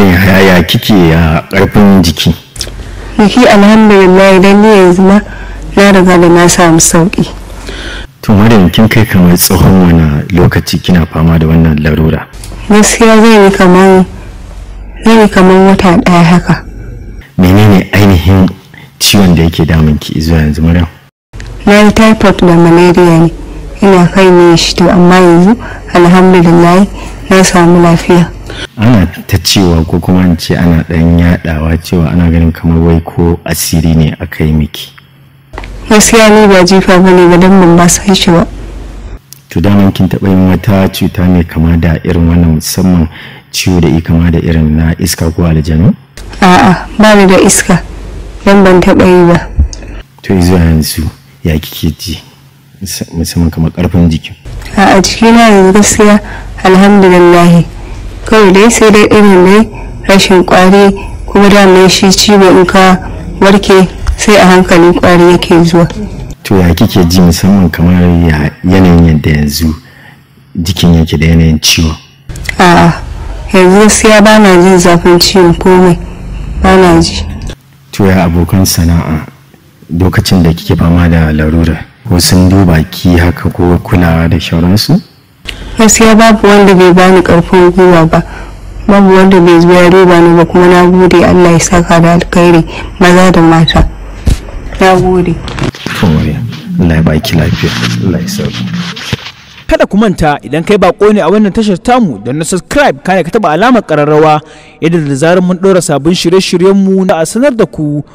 ne ya kike a karfin jiki jiki alhamdulillah idan ni yanzu ma na riga da na samu sauki to maryam kin kai kamar tsohon wani lokaci kina fama da wannan larura gaskiya zai yi kamar zai yi kamar wata ɗaya haka menene ainihin ciwon da yake damun ki zuwa yanzu mara? na yi typhoid da malaria ne ina kai ne shi to amma yanzu alhamdulillah na samu lafiya ana ta cewa ko kuma an ce ana dan yadawa cewa ana ganin kamar wai ko asiri ne a kai miki gaskiya ne ba jifa ba ne ba don ban ba sai cewa ba to daman kin taɓa yin wata cuta mai kama da irin wannan musamman ciwo da kama da irin na iska ko aljanu a'a ba ni da iska don ban taɓa yi ba to zuwa yanzu ya kike ji musamman kamar karfin jiki a'a jikina yanzu gaskiya alhamdulillah kawai dai sai dai irin ne rashin kwari kuma dama shi ciwo in ka warke sai a hankalin kwari yake zuwa to ya kike ji musamman kamar yanayin yadda yanzu jikin yake da yanayin ciwo a yanzu siya ba na jin zafin ciwon komai ba na ji to ya abokan sana'a lokacin da kike fama da larura ko sun duba ki haka ko kulawa da shauransu gaskiya babu wanda bai bani karfin gwiwa ba babu wanda bai zuwa riba ni ba kuma na gode allah ya saka da alkhairi maza da mata na gode kada ku manta idan kai bako ne a wannan tashar tamu da na subscribe kana ka taba alamar kararrawa yadda da zarar mun ɗora sabon shirye-shiryenmu na a sanar da ku